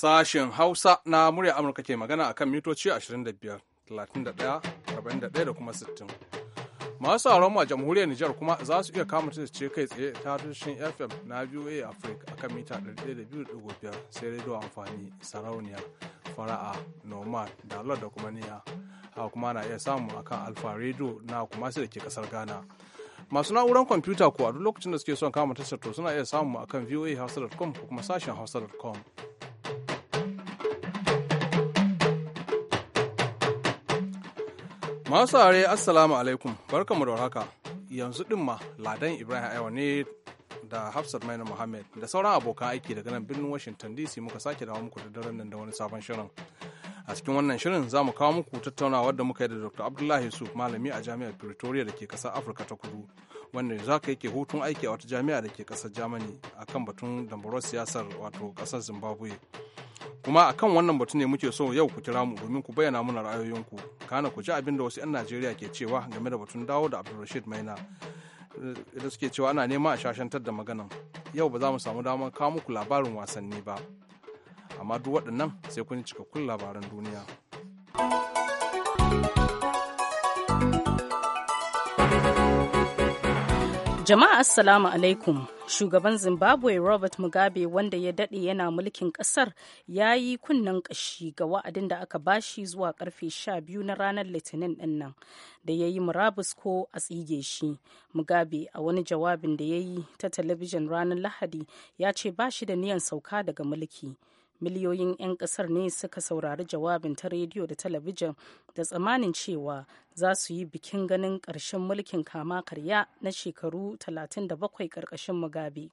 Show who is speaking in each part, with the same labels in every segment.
Speaker 1: Sashen Hausa na murya Amurka ke magana akan mitoci 25, 31, 41 da kuma 60. Masu sauran a jamhuriyar Nijar kuma za su iya kama ta ce kai tsaye ta tushen FM na VOA Africa akan mita 102.5 sai rediyo amfani sarauniya fara'a noma da da kuma niya haka kuma na iya samu akan alfa radio na kuma sai da ke kasar Ghana. masu na'urar kwamfuta ko a duk lokacin da suke son kama ta to suna iya samu akan VOA voahausa.com ko kuma sashen hausa.com. Masu are assalamu alaikum barkamu da haka yanzu din ma ladan Ibrahim Aiwa ne da Hafsat Maina Muhammad da sauran abokan aiki daga nan birnin Washington DC muka sake dawo muku da daren nan da wani sabon shirin. A cikin wannan shirin za mu kawo muku tattaunawa da muka yi da Dr. Abdullahi Yusuf malami a Jami'ar Pretoria da ke kasar Afirka ta Kudu wanda za ka yake hutun aiki a wata jami'a da ke kasar germany a kan batun dambarar siyasar wato kasar zimbabwe kuma a kan wannan batu ne muke so yau ku kira mu domin ku bayyana mana ra'ayoyinku kana ku ji abin da wasu 'yan najeriya ke cewa game da batun dawo da abdulrashid maina eh, da suke cewa ana nema a shashantar da maganan yau ba za mu samu damar kawo muku labarin wasanni ba amma duk waɗannan sai kun cikakkun labaran duniya.
Speaker 2: Jama'a Assalamu alaikum. Shugaban Zimbabwe Robert Mugabe wanda ya daɗe yana mulkin ƙasar ya yi kunnen ƙashi ga wa'adin da aka bashi zuwa ƙarfe 12 na ranar Litinin ɗin nan da ya yi murabus ko a tsige shi. Mugabe a wani jawabin da ya yi ta talabijin ranar Lahadi ya ce ba shi da niyan sauka daga mulki. miliyoyin 'yan kasar ne suka saurari jawabin ta rediyo da talabijin da tsamanin cewa za su yi bikin ganin ƙarshen mulkin kama karya na shekaru 37 ƙarƙashin mugabe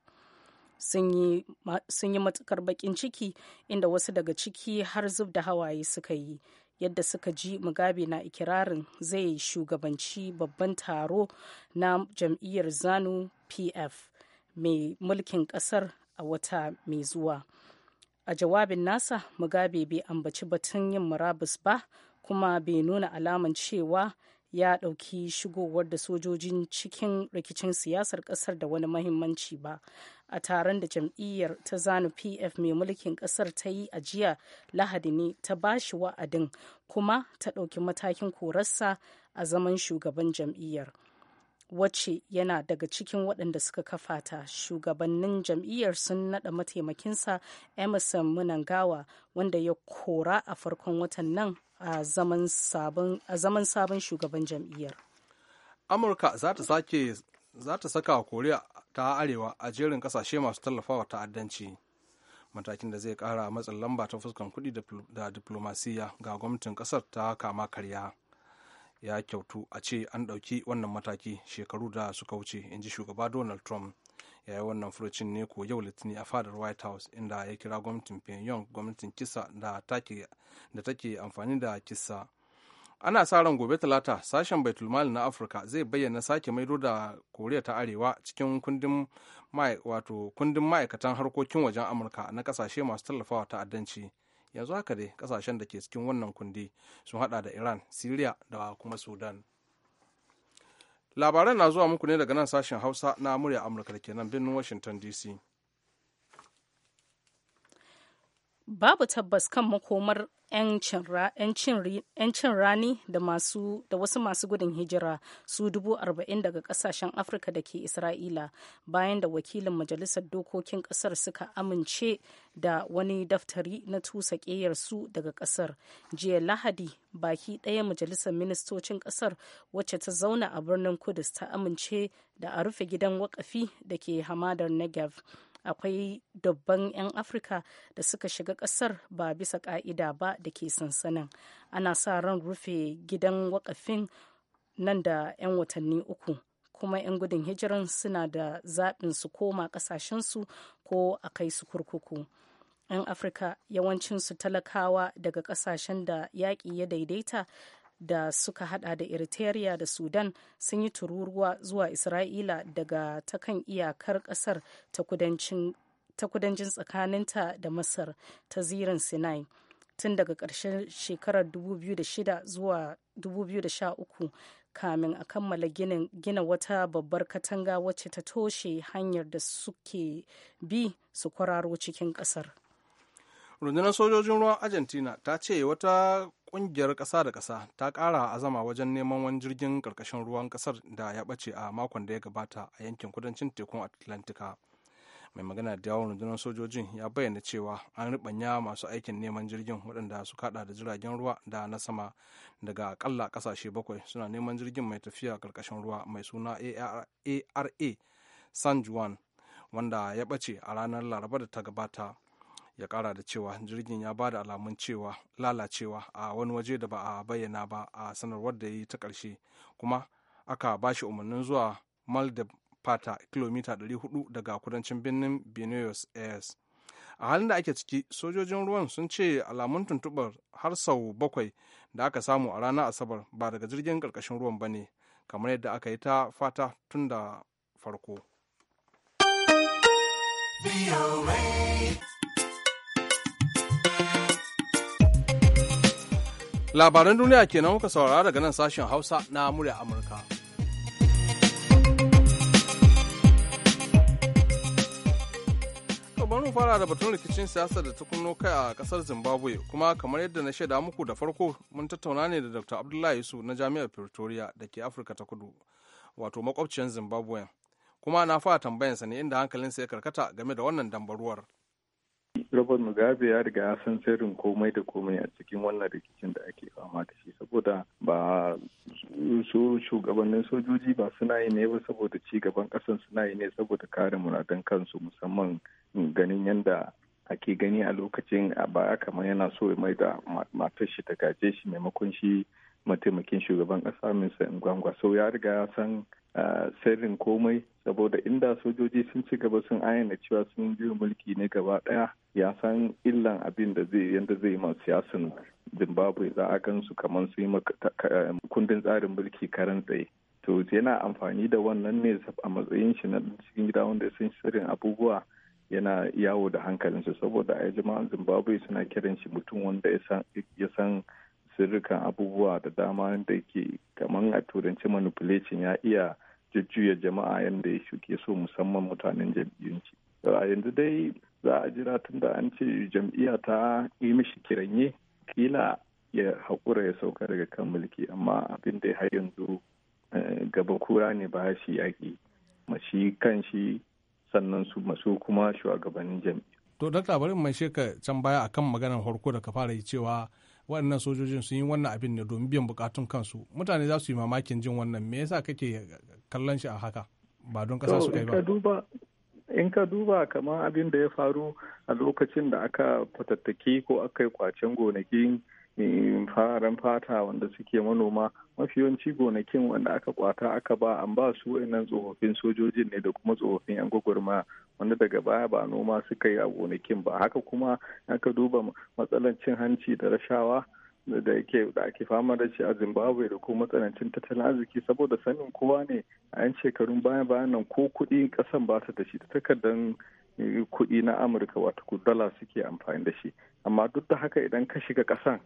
Speaker 2: sun yi matukar baƙin ciki inda wasu daga ciki har zub da hawaye suka yi yadda suka ji mugabe na ikirarin zai shugabanci babban taro na jam'iyyar zanu pf mai mulkin kasar a wata mai zuwa a jawabin nasa mugabe bai ambaci batun yin murabus ba kuma bai nuna alaman cewa ya ɗauki shigowar da sojojin cikin rikicin siyasar ƙasar da wani mahimmanci ba a taron da jam'iyyar ta zanu pf mai mulkin ƙasar ta yi a jiya lahadi ne ta ba shi wa'adin kuma ta ɗauki matakin korarsa a zaman shugaban jam'iyyar wacce yana daga cikin waɗanda suka kafata shugabannin jam'iyyar sun naɗa mataimakinsa emerson munangawa wanda ya kora a farkon watan nan a zaman sabon shugaban jam'iyyar
Speaker 1: amurka za ta saka koriya ta arewa a jerin kasashe masu tallafawa ta'addanci matakin da zai kara matsin lamba ta fuskan kuɗi da diplomasiya ga gwamnatin kasar ta kama karya ya kyautu a ce an ɗauki wannan mataki shekaru da suka wuce in ji shugaba donald trump ya yi wannan furucin ne ko yau litini a fadar white house inda ya kira gwamnatin pyongyang gwamnatin kisa da take amfani da kisa ana sa ran gobe talata sashen baitulmali na afirka zai bayyana sake maido da koriya ta arewa cikin kundin ma'aikatan harkokin wajen amurka na kasashe masu tallafawa ta'addanci yanzu haka dai kasashen da ke cikin wannan kundi sun hada da iran syria da kuma sudan labaran na zuwa muku ne daga nan sashen hausa na murya amurka da ke nan birnin washington dc
Speaker 2: babu tabbas kan makomar 'yancin rani da masu da wasu masu gudun hijira su dubu arba'in daga kasashen afirka da ke isra'ila bayan da wakilin majalisar dokokin kasar suka amince da wani daftari na tusa su daga kasar jiya lahadi baki ɗaya majalisar ministocin kasar wacce ta zauna a birnin kudus ta amince da a rufe gidan wakafi da ke hamadar negev akwai dabban 'yan afirka da suka shiga kasar ba bisa ka'ida ba da ke sansanin ana sa ran rufe gidan wakafin nan da 'yan watanni uku kuma 'yan gudun hijiran suna da zaɓin su koma ƙasashensu ko a kai su kurkuku 'yan afirka yawancin su talakawa daga ƙasashen da yaƙi ya daidaita da suka hada da eritrea da sudan sun yi tururuwa zuwa isra'ila daga ta kan iyakar kasar ta kudancin tsakaninta da masar ta zirin sinai tun daga ƙarshen shekarar 2006 zuwa 2013 kamin a kammala gina wata babbar katanga wacce ta toshe hanyar da suke bi su kwararo cikin ƙasar.
Speaker 1: rundunar sojojin ruwan argentina ta ce wata kungiyar ƙasa da ƙasa ta ƙara azama wajen neman wani jirgin ƙarƙashin ruwan ƙasar da ya bace a makon da ya gabata a yankin kudancin tekun atlantika mai magana da yawon rundunar sojojin ya bayyana cewa an ribanya masu aikin neman jirgin waɗanda su kada da jiragen ruwa da na sama daga akalla ƙasashe bakwai suna neman jirgin mai tafiya ƙarƙashin ruwa mai suna ara san juan wanda ya ɓace a ranar laraba da ta gabata ya kara da cewa jirgin ya ba da alamun cewa lalacewa a wani waje da ba a bayyana ba a sanarwar da ya yi ta ƙarshe kuma aka ba shi umarnin zuwa mal da fata kilomita 400 daga kudancin birnin benue airs a halin da ake ciki sojojin ruwan sun ce alamun tuntubar har sau bakwai da aka samu a ranar asabar ba daga jirgin ƙarƙashin ruwan ba ne kamar yadda aka yi ta fata tun da farko. labaran duniya kenan kuka saurara daga nan sashen hausa na murya amurka bari mu fara da batun rikicin siyasa da ta kai a kasar zimbabwe kuma kamar yadda na shaida muku da farko mun tattauna ne da dr abdullahi yusu na jami'ar pretoria da ke afirka ta kudu wato makwabciyar zimbabwe kuma na fara tambayansa ne inda hankalinsa ya karkata game da wannan dambaruwar
Speaker 3: Robert Mugabe ya riga ya san sirrin komai da komai a cikin wannan rikicin da ake fama da shi saboda ba su shugabannin sojoji ba suna yi ne ba saboda ci gaban kasan suna yi ne saboda kare muradan kansu musamman ganin yadda ake gani a lokacin a baya kamar yana so ya mai da matar shi ta gaje shi maimakon shi mataimakin shugaban kasa sa'in gwangwa so ya riga ya san sirrin komai saboda inda sojoji sun ci gaba sun ayyana cewa sun biyo mulki ne gaba daya ya san illan abin da zai yanda zai yi masu siyasan zimbabwe za a su kamar su yi kundin tsarin mulki karan tsaye to yana amfani da wannan ne a matsayin shi na cikin gida wanda sun sirrin abubuwa yana yawo da hankalinsa saboda a jama'an zimbabwe suna kiran shi mutum wanda ya san sirrikan abubuwa da dama da ke kamar a turanci manipulation ya iya jujjuya jama'a yadda ya shuke so musamman mutanen jam'iyyunci. A yanzu dai za a jira tun da an ce jam'iyya ta yi mishi kiranye kila ya haƙura ya sauka daga kan mulki amma abin da har yanzu eh, gaba kura ne ba shi yaƙi mashi kan shi sannan su masu kuma shugabannin jam'iyya.
Speaker 1: To dakta bari mai sheka can baya akan maganar farko da ka fara yi cewa waɗannan sojojin sun yi wannan abin ne domin biyan bukatun kansu mutane za su yi mamakin jin wannan me yasa kake kallon shi a haka ba don kasa su kai
Speaker 3: ba in ka duba kamar abin da ya faru a lokacin da aka fatattaki ko aka yi kwacen gonakin eh, faran fata wanda suke manoma mafi yawanci gonakin wanda aka kwata aka ba an ba su wayannan tsofaffin sojojin ne da kuma tsofaffin yan gwagwarmaya wanda daga baya ba noma suka yi a gonakin ba haka kuma aka duba matsalan cin hanci da rashawa da yake da ake fama da shi a zimbabwe da kuma matsalancin tattalin arziki saboda sanin kowa ne a yan shekarun baya bayan nan ko kuɗi kasan ba ta da shi ta takardar eh, kuɗi na amurka wato dala suke amfani da shi amma duk da haka idan ka shiga kasan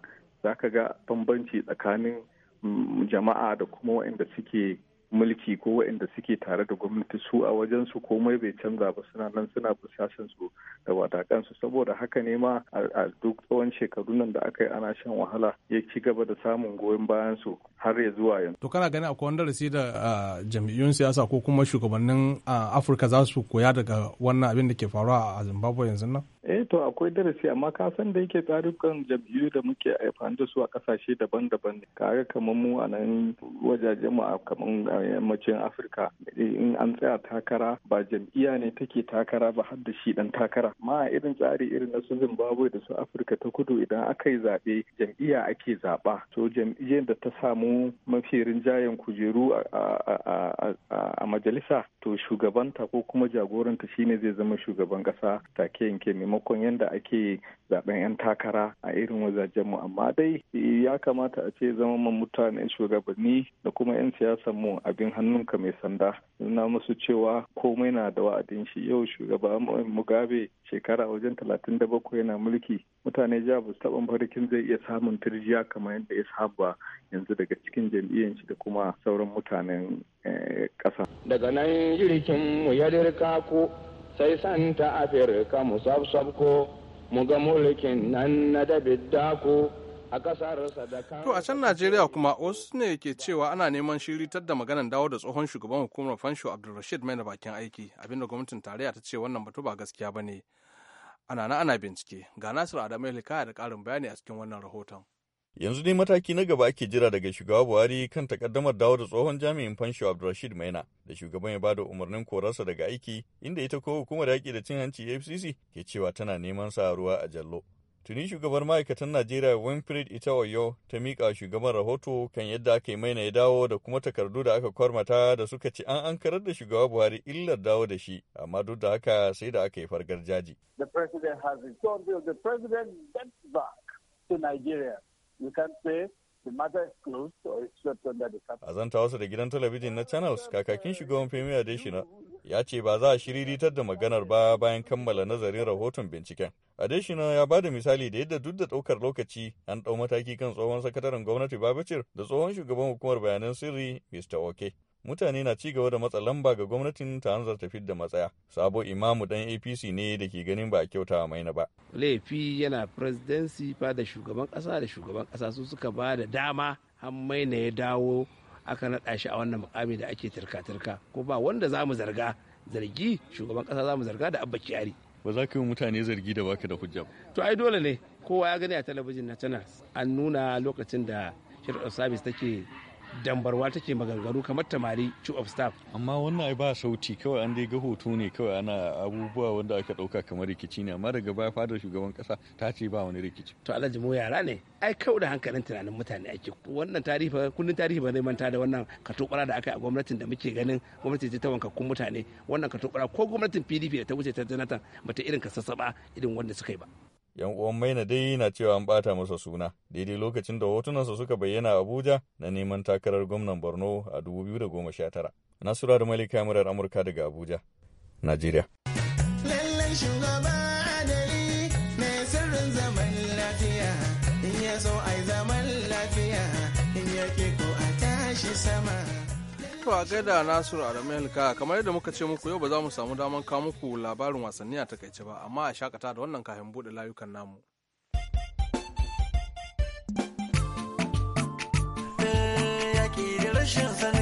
Speaker 3: za ka ga bambanci tsakanin mm, jama'a da kuma waɗanda suke mulki ko waɗanda suke tare da gwamnati su a wajen su komai bai canza ba suna nan suna busashen su da watakansu saboda haka ne ma a duk tsawon shekaru nan da aka yi ana shan wahala ya ci gaba da samun goyon bayan su har ya zuwa yanzu.
Speaker 1: To kana ganin akwai wani darasi da jam'iyyun siyasa ko kuma shugabannin Afirka za su koya daga wannan abin da ke faruwa a Zimbabwe
Speaker 3: yanzu nan? eh to akwai darasi amma ka san da yake tsarukan jam'iyyu da muke amfani da su a kasashe daban-daban ne kaga kamar mu a nan wajajen mu a kamar yammacin afirka in an tsaya takara ba jam'iyya ne take takara ba har da shi dan takara ma irin tsari irin na su zimbabwe da su afirka ta kudu idan aka yi zaɓe jam'iyya ake zaɓa to jam'iyyar da ta samu mafi rinjayen kujeru a majalisa to shugabanta ko kuma jagoranta shine zai zama shugaban ƙasa take yanke maimakon yadda ake zaben 'yan takara a irin mu amma dai ya kamata a ce zama mutane shugabanni da kuma 'yan siyasan mu abin hannunka mai sanda na musu cewa komai na da wa'adin shi yau shugaba mugabe shekara wajen talatin da bakwai yana mulki mutane ja ba su taɓa farkin zai iya samun turjiya kamar yadda ya saba yanzu daga cikin jam'iyyar shi da kuma sauran mutanen eh, ƙasa
Speaker 4: daga nan jirgin mu ya ko sai san ta afirka mu ko mu ga mulkin nan na da biddaku a ƙasarsa da to a
Speaker 1: can najeriya kuma wasu ne ke cewa ana neman shiritar da maganar dawo da tsohon shugaban hukumar fansho abdulrashid mai na bakin aiki abinda gwamnatin tarayya ta ce wannan batu ba gaskiya ba ne ana na ana bincike ga nasiru adamu hikaya da ƙarin bayani a cikin wannan rahoton
Speaker 5: Yanzu dai mataki na gaba ake jira daga shugaba Buhari kan takaddamar dawo da tsohon jami'in fansho Abdulrashid Maina da shugaban ya ba da umarnin korarsa daga aiki inda ita ko hukumar yaƙi da cin hanci fcc ke cewa tana neman sa ruwa a jallo. Tuni shugabar ma'aikatan Najeriya Winfred wayo ta miƙa shugaban rahoto kan yadda aka yi maina ya dawo da kuma takardu da aka kwarmata da suka ci an ankarar da shugaba Buhari illar dawo da shi amma duk da haka sai da aka yi fargar jaji.
Speaker 6: The president has returned the president back to Nigeria. you can say the matter is closed or it's swept under the carpet. A zanta
Speaker 5: wasu da gidan talabijin na Channels kakakin shugaban Premier Adeshina ya ce ba za a shiriritar da maganar ba bayan kammala nazarin rahoton binciken. Adeshina ya ba da misali da yadda duk da ɗaukar lokaci an ɗau mataki kan tsohon sakataren gwamnati Babacir da tsohon shugaban hukumar bayanan sirri Mr. Oke. mutane na ci gaba da matsa lamba ga gwamnatin ta hanzar ta da matsaya sabo imamu dan apc ne da ke ganin ba a kyauta wa maina ba
Speaker 7: laifi yana presidency fa da shugaban kasa da shugaban kasa su suka ba da dama an maina ya dawo aka naɗa shi a wannan mukami da ake turka-turka ko ba wanda za mu zarga zargi shugaban kasa za mu zarga da abba kyari ba za ka yi mutane zargi da baka da hujja ba to ai dole ne kowa ya gani a talabijin na channels an nuna lokacin da shirin sabis take dambarwa take maganganu kamar tamari chief of staff
Speaker 5: amma wannan ai ba sauti kawai an dai ga hoto ne kawai ana abubuwa wanda aka dauka kamar rikici
Speaker 7: ne amma daga baya fadar shugaban kasa ta ce ba wani rikici to alhaji mu yara ne ai kawai da hankalin tunanin mutane ake wannan tarihi kullun tarihi ba zai manta da wannan katobara da aka yi a gwamnatin da muke ganin gwamnati ta ta kun mutane wannan katobara ko gwamnatin PDP da ta wuce ta Jonathan bata irin ka irin wanda suka yi ba
Speaker 5: yan uwan maina dai na cewa an bata masa suna daidai lokacin da hotunansa suka bayyana abuja na neman takarar gwamnan borno a 2019 nasura da malika murar amurka daga abuja najeriya
Speaker 1: to a gaida Nasiru Adamu Hilka kamar yadda muka ce muku yau ba za mu samu daman kawo muku labarin wasanni a takaice ba amma a shakata da wannan kayan buɗe layukan namu.
Speaker 8: Eh, yaki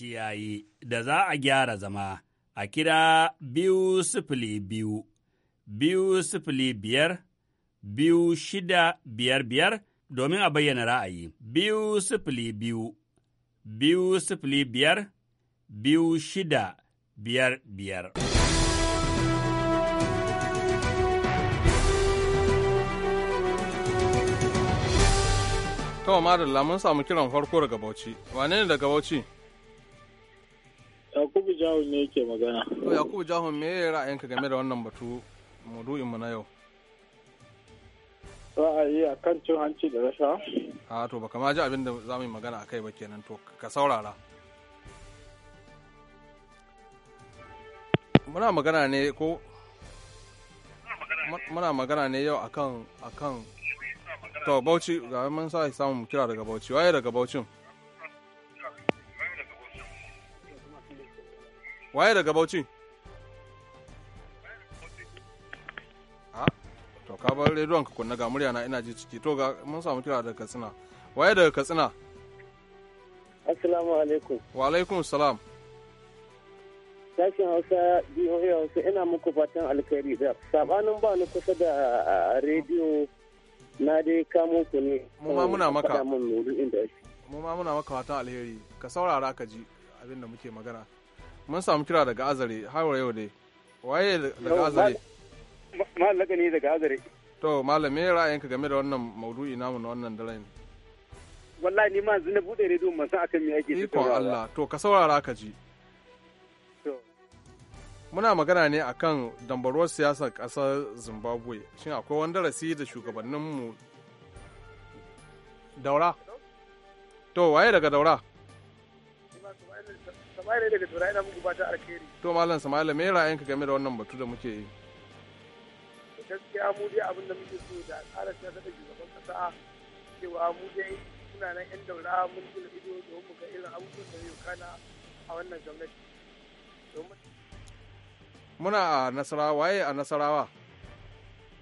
Speaker 5: lokaci yi da za a gyara zama a kira biyu sifili biyu, biyu sifili biyar, biyu shida biyar biyar domin a bayyana ra'ayi. Biyu sifili biyu, biyu sifili biyar, biyu shida biyar biyar.
Speaker 1: ma Madalla mun samu kiran farko daga Bauchi. Wane ne daga Bauchi?
Speaker 6: Yakubu Jahun ne yake magana. To Yakubu
Speaker 1: Jahun me ra'ayinka game da wannan batu maudu'in mu na yau?
Speaker 6: Ra'ayi a kan cin hanci da rasha?
Speaker 1: A to baka ma ji abin da za mu yi magana a kai ba kenan to ka saurara. Muna magana ne ko muna magana ne yau akan akan to Bauchi ga mun sa samu kira daga Bauchi waye daga Bauchin? waye daga bauchi a ah, to ka bar rediyon ka kunna ga murya na ina ji ciki to ga mun samu kira daga katsina waye daga katsina
Speaker 6: assalamu alaikum
Speaker 1: wa alaikum salam
Speaker 6: sashen hausa bihohi hausa ina muku fatan alkhairi da sabanin ba ni kusa da rediyo na dai kamo ku ne mu ma muna maka mu
Speaker 1: ma muna maka fatan alheri ka saurara ka ji abin da muke magana mun samu kira daga azare har yau dai waye daga azare
Speaker 6: malaka ne daga azare
Speaker 1: to malam me ra'ayinka game da wannan maudu'i namu na wannan daren
Speaker 6: wallahi ni ma yanzu na bude rediyo masu akan me ake ikon
Speaker 1: Allah to ka saurara ka ji muna magana ne akan dambarwar siyasar ƙasar zimbabwe shin akwai wani darasi da shugabanninmu daura to waye daga daura
Speaker 4: Sama'ila daga Tura ina muku fata alkhairi.
Speaker 1: To Malam Sama'ila me ra'ayinka game da wannan batu da muke yi?
Speaker 4: Gaskiya mu dai abin da muke so da al'adar siyasa da shugaban kasa cewa mu dai suna nan yan daura mun gina ido domin mu ga irin abubuwan da yau kana a wannan gwamnati.
Speaker 1: Muna a Nasarawa waye a
Speaker 6: Nasarawa?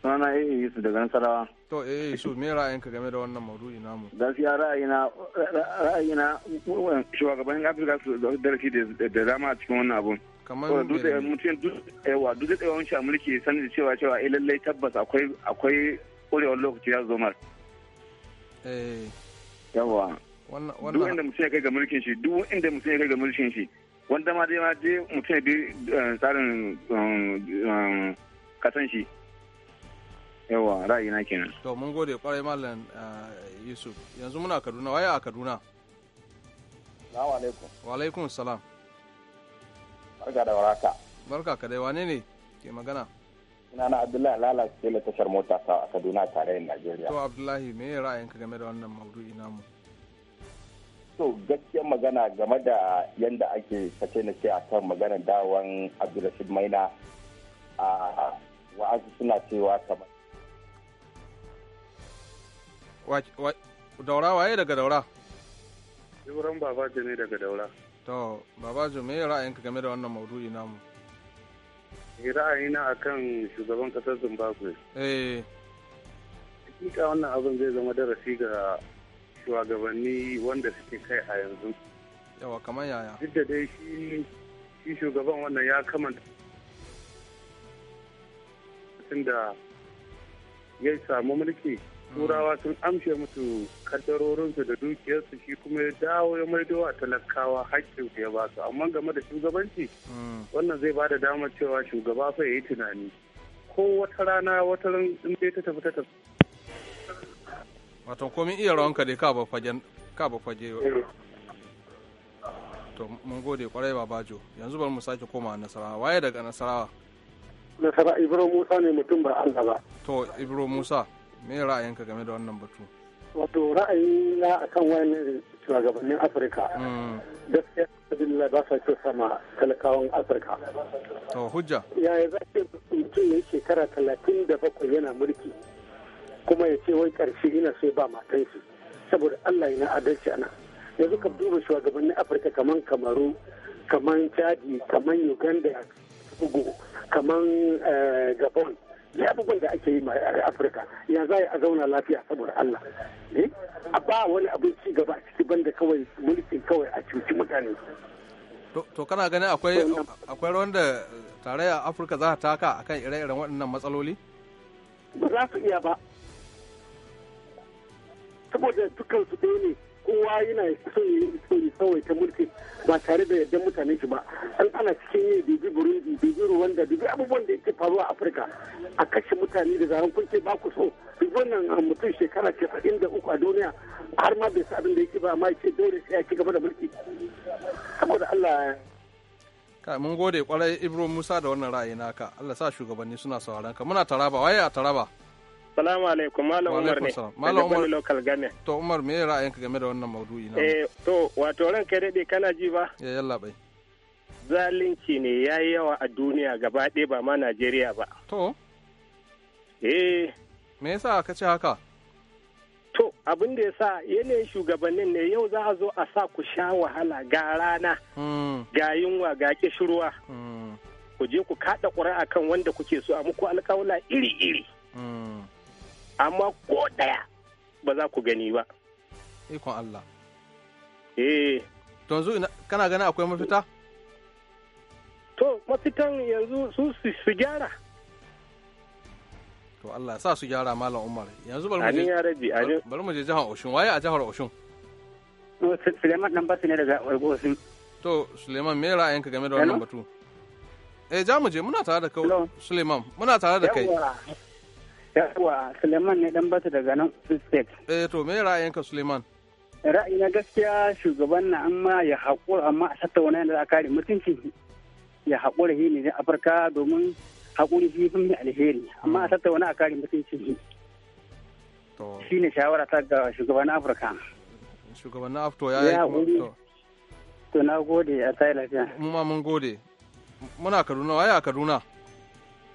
Speaker 6: sunana yi su daga nasarawa
Speaker 1: to eh yusuf me ra'ayinka game da wannan maudu'i namu
Speaker 6: gaskiya ra'ayina ra'ayina shugabannin afirka su da darasi da dama a cikin wannan abun
Speaker 4: kamar mutum yawa duk da tsawon shi a mulki sanin da cewa cewa eh lallai tabbas akwai akwai ƙurewar lokaci ya zo mar eh yawa duk inda mutum ya kai ga mulkin shi duk inda mutum ya kai ga mulkin shi wanda ma dai ma dai mutum ya bi eh, tsarin um, um, kasan shi yawa ra'ayina kenan
Speaker 1: to mun gode kwarai malam eh, yusuf yanzu muna kaduna waye a kaduna salamu alaikum wa alaikum salam
Speaker 6: barka da waraka
Speaker 1: barka ka dai wane ne ke magana
Speaker 6: ina na abdullahi lala ce la tashar mota ta a kaduna tare da najeriya
Speaker 1: to abdullahi me ra'ayinka game
Speaker 6: da wannan maudu'i namu to gaskiyar magana game da yadda ake kace na ce kan maganar dawon abdullahi maina a wa'azi suna cewa kamar
Speaker 1: daura waye daga daura
Speaker 4: Ibrahim Baba ne daga daura
Speaker 6: to
Speaker 1: Baba me ra'ayinka game da wannan maududi namu
Speaker 4: eh, ra'ayina akan
Speaker 6: shugaban kasar Zimbabwe eh hakika wannan abin zai zama darasi ga shugabanni wanda suke kai a yanzu
Speaker 1: yawa kamar yaya duk da
Speaker 6: dai shi shi shugaban wannan ya kamanta tun da ya samu mulki turawa sun amshe musu kaddarorinsu da dukiyarsu shi kuma ya dawo ya maido a talakawa haƙƙinsu ya basu amma game da shugabanci hmm. wannan zai ba da damar cewa shugaba fa ya yi tunani ko wata rana wata ran in dai ta tafi ta tafi.
Speaker 1: wato komin iya rawanka dai ka ba fage ka ba fage eh. to mun gode kwarai babajo yanzu bari mu sake koma nasarawa waye daga nasarawa
Speaker 6: nasara ibro musa ne mutum ba allah ba
Speaker 1: to ibro musa me ra'ayinka game da wannan batu
Speaker 6: wato ra'ayi na kan wani shugabannin afirka mm. gaskiya sabila ba sa ce sama talakawan afirka to hujja ya yi za ce mutum ya shekara talatin da bakwai yana mulki kuma ya ce wai karshe ina sai ba matansu saboda allah yana adalci ana yanzu ka duba shugabannin afirka kaman kamaru kaman chadi kaman uganda kamar kaman eh, gabon sai abubuwan da ake yi a afirka ya za a zauna lafiya saboda allah eh? a ba wani abin ci gaba a ciki banda kawai mulkin kawai a cuci mutane
Speaker 1: to kana ganin akwai akwai rawan da tarayya afirka za ta taka akan ire-iren waɗannan matsaloli
Speaker 6: ba za su iya ba saboda dukansu su ɗaya ne kowa yana so ya yi so ya kawai ta mulki ba tare da yardan mutane shi ba an ana cikin yi dubi burundi dubi ruwanda dubi abubuwan da yake faruwa a afirka a kashe mutane da zaren kun ba ku so duk wannan ah, mutum shekara casa'in da uku a duniya har ma bai sa abin da yake ba ma yake dole sai ya ci gaba da mulki saboda allah
Speaker 1: mun gode kwarai ibro musa da wannan ra'ayi naka allah sa shugabanni suna sauraron ka muna taraba waye a taraba
Speaker 6: Salamu alaikum, Malam Umar ne. Malam Umar. local government.
Speaker 1: To Umar, me ra'ayinka game da wannan maudu'i na? Eh,
Speaker 6: to wato ran kai daɗe kana ji ba? Ya eh, yalla bai. Zalunci ne ya yi yawa a duniya gaba ɗaya ba ma Najeriya ba. To. Eh.
Speaker 1: Me yasa ka ce haka?
Speaker 6: To abin da ya sa yanayin shugabannin ne yau za a zo a sa ku sha wahala ga rana, hmm. ga yunwa, ga kishirwa. Hmm. Ku je ku kaɗa ƙura kan wanda kuke so a muku alƙawla iri-iri. Hmm. amma ko ɗaya ba za ku gani ba.
Speaker 1: Ikon Allah. Eh. To yanzu kana gani akwai mafita?
Speaker 6: To mafitan yanzu su su gyara.
Speaker 1: To Allah sa su gyara Malam Umar. Yanzu bari mu je jihar Oshun. Waye a jihar Oshun?
Speaker 6: To Suleiman dan basu ne daga Oshun.
Speaker 1: To Suleiman me ra'ayinka game da wannan batu? Eh za mu je muna tare da kai Suleiman muna tare da kai.
Speaker 6: yawa suleiman ne dan bata daga nan state eh to me
Speaker 1: ra'ayinka suleiman
Speaker 6: ra'ayina gaskiya shugaban na amma ya haƙura amma a tattauna yadda za a kare mutunci ya haƙura shi ne afirka domin haƙuri shi fi alheri amma a hmm. tattauna a kare mutunci shi ne shawara ta ga shugaban afirka
Speaker 1: shugaban na afto ya yi
Speaker 6: to na gode a tsaye
Speaker 4: lafiya
Speaker 1: mu ma mun gode muna kaduna waye a kaduna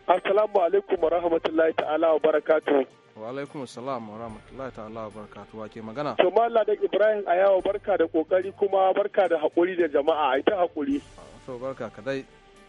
Speaker 4: Assalamu alaikum wa rahmatullahi ta'ala wa barakatu.
Speaker 1: Wa alaikum assalam wa rahmatullahi ta'ala wa barakatu. Wa ke magana? To Malla
Speaker 4: da Ibrahim Ayawa barka da kokari kuma barka da haƙuri da jama'a. ita ta haƙuri.
Speaker 1: To barka kadai.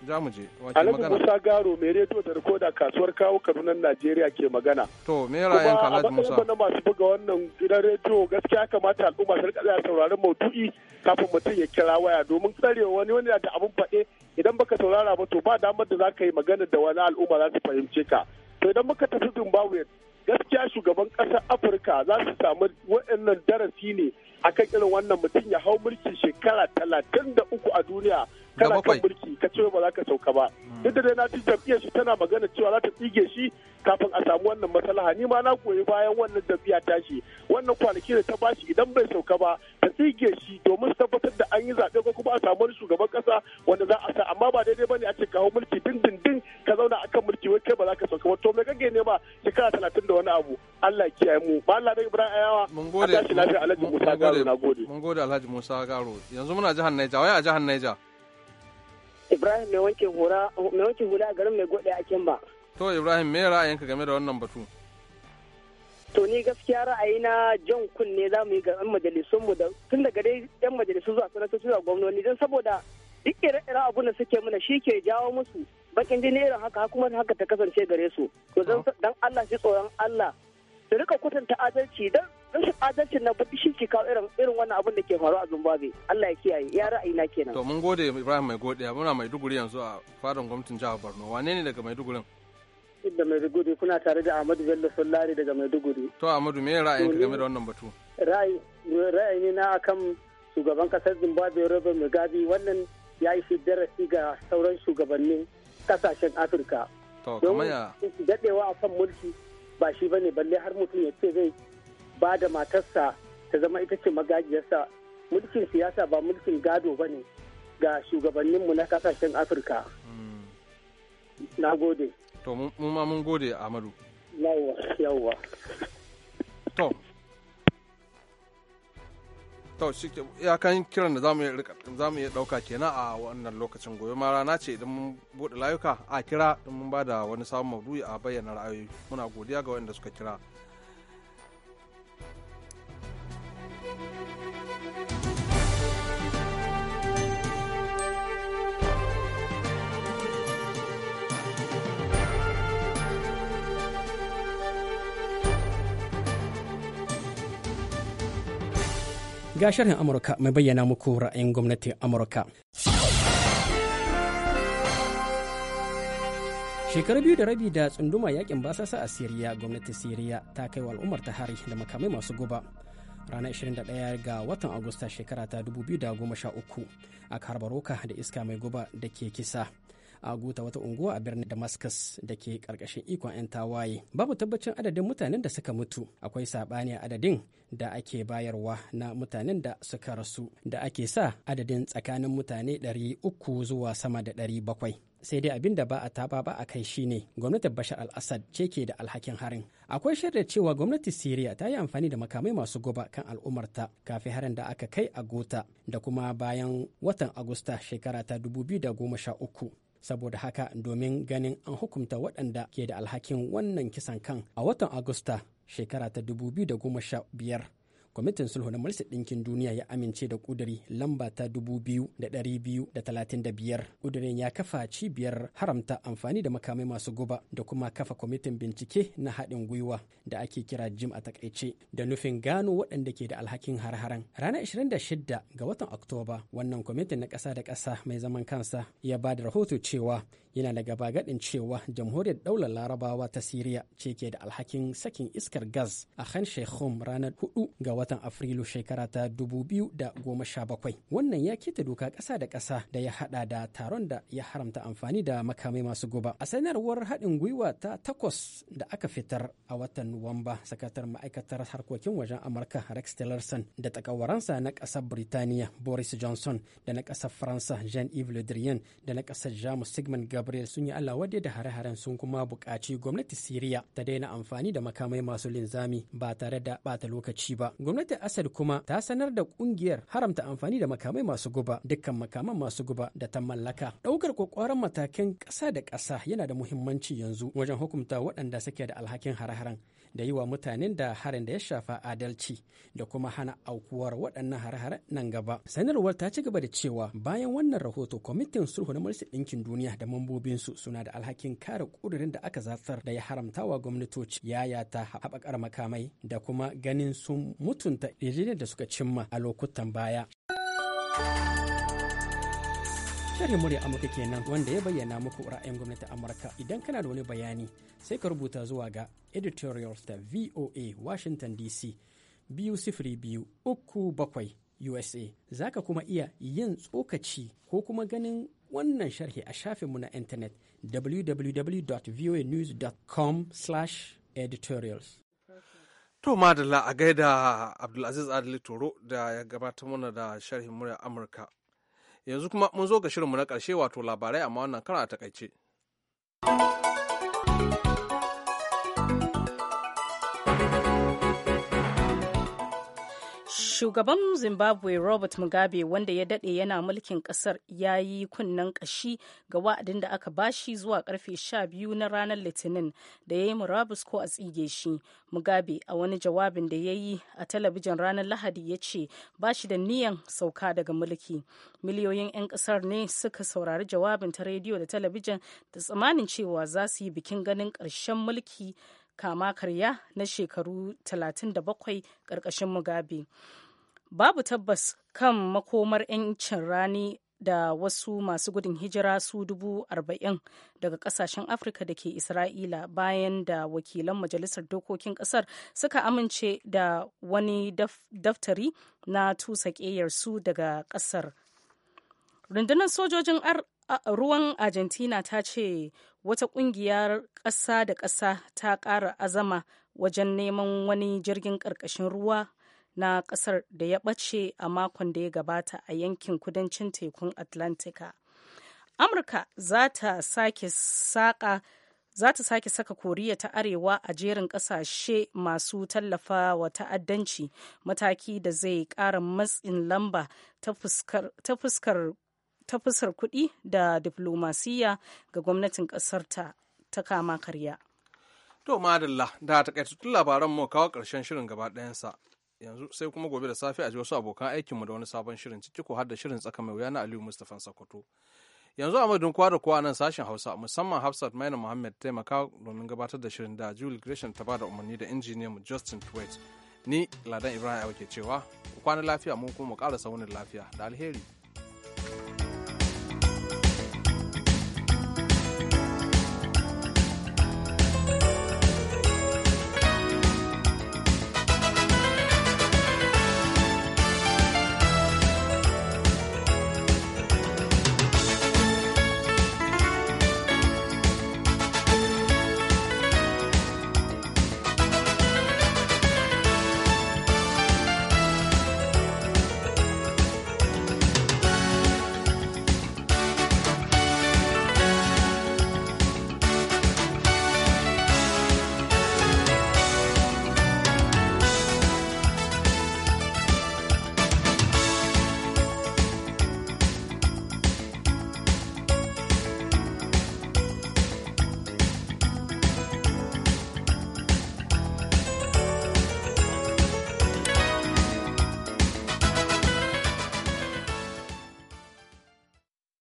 Speaker 1: za mu je wace magana Musa
Speaker 4: Garo mai rediyo da rikoda kasuwar kawo kadunan Najeriya ke magana
Speaker 1: to me ra'ayin ka Alhaji Musa kuma
Speaker 4: masu buga wannan gidan rediyo gaskiya kamata al'umma su rika sauraron maudu'i kafin mutum ya kira waya domin tsarewa wani wani da abun faɗe idan baka saurara ba to ba damar da zaka yi magana da wani al'umma za su fahimce ka to idan muka tafi Zimbabwe gaskiya shugaban ƙasar Afirka za su samu waɗannan darasi ne akan irin wannan mutum ya hau mulki shekara talatin da uku a duniya kana kan mulki ka ce ba za ka sauka ba hmm. duk da dai na ci jam'iyyar shi tana magana cewa za ta tsige shi kafin a samu wannan maslaha ni ma na koyi bayan wannan jam'iyya ta shi wannan kwanaki da ta bashi idan bai sauka ba ta tsige shi domin tabbatar da an yi zaɓe ko kuma a samu wani shugaban ƙasa wanda za a sa amma ba daidai ne a ce kawo mulki dindindin ka zauna akan mulki wai kai ba za ka sauka ba to me kake nema shekara talatin da wani abu Allah kiyaye mu ba Allah dai Ibrahim Ayawa mun gode Alhaji Musa Garo na gode
Speaker 1: mun gode Alhaji Musa Garo yanzu muna jihar Niger wai a jihar Niger
Speaker 6: Ibrahim mai wanke hula mai wanke hula garin mai gode a kemba.
Speaker 1: To Ibrahim me ra'ayinka game da wannan batu?
Speaker 6: To ni gaskiya ra'ayi na jan kunne za mu yi ga 'yan mu da tun daga dai 'yan majalisu zuwa sanatoci zuwa gwamnoni don saboda duk ire-ire abun da suke mana shi ke jawo musu bakin jini irin haka kuma haka ta kasance gare su. To don Allah shi tsoron Allah su rika kwatanta adalci don rashin adalcin na bude shi ke kawo irin irin wannan abin da ke faru a Zimbabwe Allah ya kiyaye ya ra'ayi na kenan to mun gode
Speaker 1: Ibrahim mai godiya muna Maiduguri yanzu a fadon gwamnatin jihar Borno wane ne daga Maidugurin
Speaker 6: da Maiduguri kuna tare da Ahmadu Bello Sallari daga Maiduguri to
Speaker 1: Ahmadu me ra'ayinka game da wannan batu
Speaker 6: ra'ayi ra'ayi ne na akan shugaban kasar Zimbabwe Robert Mugabe wannan ya yi shi darasi ga sauran shugabannin kasashen Afirka
Speaker 1: to kamar ya
Speaker 6: dadewa kan mulki ba shi bane balle har mutum ya ce zai ba da matarsa ta zama ita ce magajiyarsa mulkin siyasa ba mulkin gado ba ne ga shugabanninmu na kasashen afirka hmm. na gode
Speaker 1: to mun ma mun gode amadu
Speaker 6: yawwa yawwa
Speaker 1: to ya shi kiran da za mu iya ɗauka kenan a wannan lokacin gobe ma rana ce idan mun buɗe layuka a kira idan mun ba da wani sabon maudu'i a bayyana ra'ayoyi muna godiya ga wanda suka kira
Speaker 7: ga sharhin Amurka mai bayyana muku ra'ayin gwamnatin Amurka. shekaru biyu da rabi da tsunduma yakin basasa a siriya gwamnatin siriya ta kai wa al'ummar ta hari da makamai masu guba ranar 21 ga watan agusta shekara ta 2013 a karbaroka da iska mai guba da ke kisa a guta wata unguwa a birnin damascus da ke karkashin ikon 'yan tawaye babu tabbacin adadin mutanen da suka mutu akwai saɓani a adadin da ake bayarwa na mutanen da suka rasu da ake sa adadin tsakanin mutane 300 zuwa sama da 700 sai dai abin da ba a taba ba a kai shine gwamnatin bashar al-assad ce ke da alhakin harin akwai shaidar cewa gwamnati syria ta yi amfani da makamai masu guba kan al'ummarta kafin harin da aka kai a gota da kuma bayan watan agusta shekara ta 2013 saboda haka domin ganin an hukunta waɗanda ke da alhakin wannan kisan kan a watan agusta shekara ta 2015 kwamitin sulhu na majalisar ɗinkin duniya ya amince da ƙuduri lamba ta dubu biyu da ɗari biyu da talatin da biyar ƙudurin ya kafa cibiyar haramta amfani da makamai masu guba da kuma kafa kwamitin bincike na haɗin gwiwa da ake kira jim a takaice da nufin gano waɗanda ke da alhakin har-haren ranar 26 ga watan oktoba wannan kwamitin na ƙasa da ƙasa mai zaman kansa ya ba da rahoto cewa yana da gaba cewa jamhuriyar daular larabawa ta siriya ce ke da alhakin sakin iskar gas a khan sheikhum ranar 4 ga watan afrilu shekara ta 2017 wannan ya keta doka ƙasa da ƙasa da ya hada da taron da ya haramta amfani da makamai masu guba a sanarwar haɗin gwiwa ta takwas da aka fitar a watan nuwamba sakatar ma'aikatar harkokin wajen amurka rex tillerson da takawaransa na ƙasar britaniya boris johnson da na ƙasar faransa jean-yves le drian da na ƙasar jamus sigmund gab gabriel sun yi allah wadda da hare-haren sun kuma buƙaci gwamnati siriya ta daina amfani da makamai masu linzami ba tare da bata lokaci ba gwamnati assad kuma ta sanar da ƙungiyar haramta amfani da makamai masu guba dukkan makaman masu guba da ta mallaka ɗaukar ƙwaƙwaran matakan ƙasa da ƙasa yana da muhimmanci yanzu wajen hukunta waɗanda suke da alhakin hare-haren da yi wa mutanen da harin da ya shafa adalci da kuma hana aukuwar waɗannan hare-hare nan gaba. Sanarwar ta ci gaba da cewa bayan wannan rahoto kwamitin sulhu na Majalisar Ɗinkin Duniya da mambobinsu suna da alhakin kare ƙudurin da aka zartar da ya haramta wa gwamnatoci ta haɓakar makamai da kuma ganin sun mutunta yarjejeniyar da suka cimma a lokutan baya. Shirin murya Amurka kenan wanda ya bayyana muku ra'ayin gwamnatin Amurka idan kana da wani bayani sai ka rubuta zuwa ga editorials ta VOA Washington DC biyu sifiri biyu uku bakwai USA za ka kuma iya yin tsokaci ko kuma ganin wannan sharhi a shafinmu na intanet www.voanews.com editorials.
Speaker 1: To madalla a gaida Abdulaziz Adali Toro da ya gabatar mana da sharhin murya Amurka Yanzu kuma mun zo ga shirinmu na ƙarshe wato labarai amma wannan kara a takaice.
Speaker 2: Shugaban Zimbabwe Robert Mugabe wanda ya dade yana mulkin kasar ya yi kunnen kashi ga wa'adin da aka bashi zuwa karfe 12 na ranar Litinin da ya yi murabus ko a tsige shi. Mugabe a wani jawabin da ya yi a talabijin ranar Lahadi ya ce ba shi da niyan sauka daga mulki. Miliyoyin 'yan kasar ne suka saurari jawabin ta rediyo da talabijin da tsamanin cewa za su yi bikin ganin karshen mulki kama karya na shekaru 37 ƙarƙashin Mugabe. babu tabbas kan makomar 'yancin rani da wasu masu gudun hijira su dubu arba'in daga kasashen afirka da ke isra'ila bayan da wakilan majalisar dokokin kasar suka amince da wani daftari na tusa su daga kasar rundunar sojojin ruwan argentina ta ce wata kungiyar ƙasa da ƙasa ta ƙara azama wajen neman wani jirgin ƙarƙashin ruwa na kasar da ya ɓace a makon da ya gabata a yankin kudancin tekun atlantika amurka za ta sake saka koriya ta arewa a jerin kasashe masu tallafa wa ta'addanci mataki da zai ƙara matsin lamba ta fuskar ta fusar kuɗi da diflomasiyya ga gwamnatin ƙasar ta kama karya.
Speaker 1: To madalla da takaitattun labaran mu kawo ƙarshen shirin gaba ɗayansa yanzu sai kuma gobe da safe a ji wasu abokan aikinmu da wani sabon shirin ciki ko har da shirin tsaka mai wuya na Aliyu Mustafan Sokoto. Yanzu a madun kowa da kowa nan sashen Hausa musamman Hafsat Maina Muhammad taimaka domin gabatar da shirin da Julie Gresham ta ba da umarni da injiniyan mu Justin Tweet. Ni Ladan Ibrahim Awa ke cewa ku kwana lafiya mun kuma mu karasa saunin lafiya da alheri.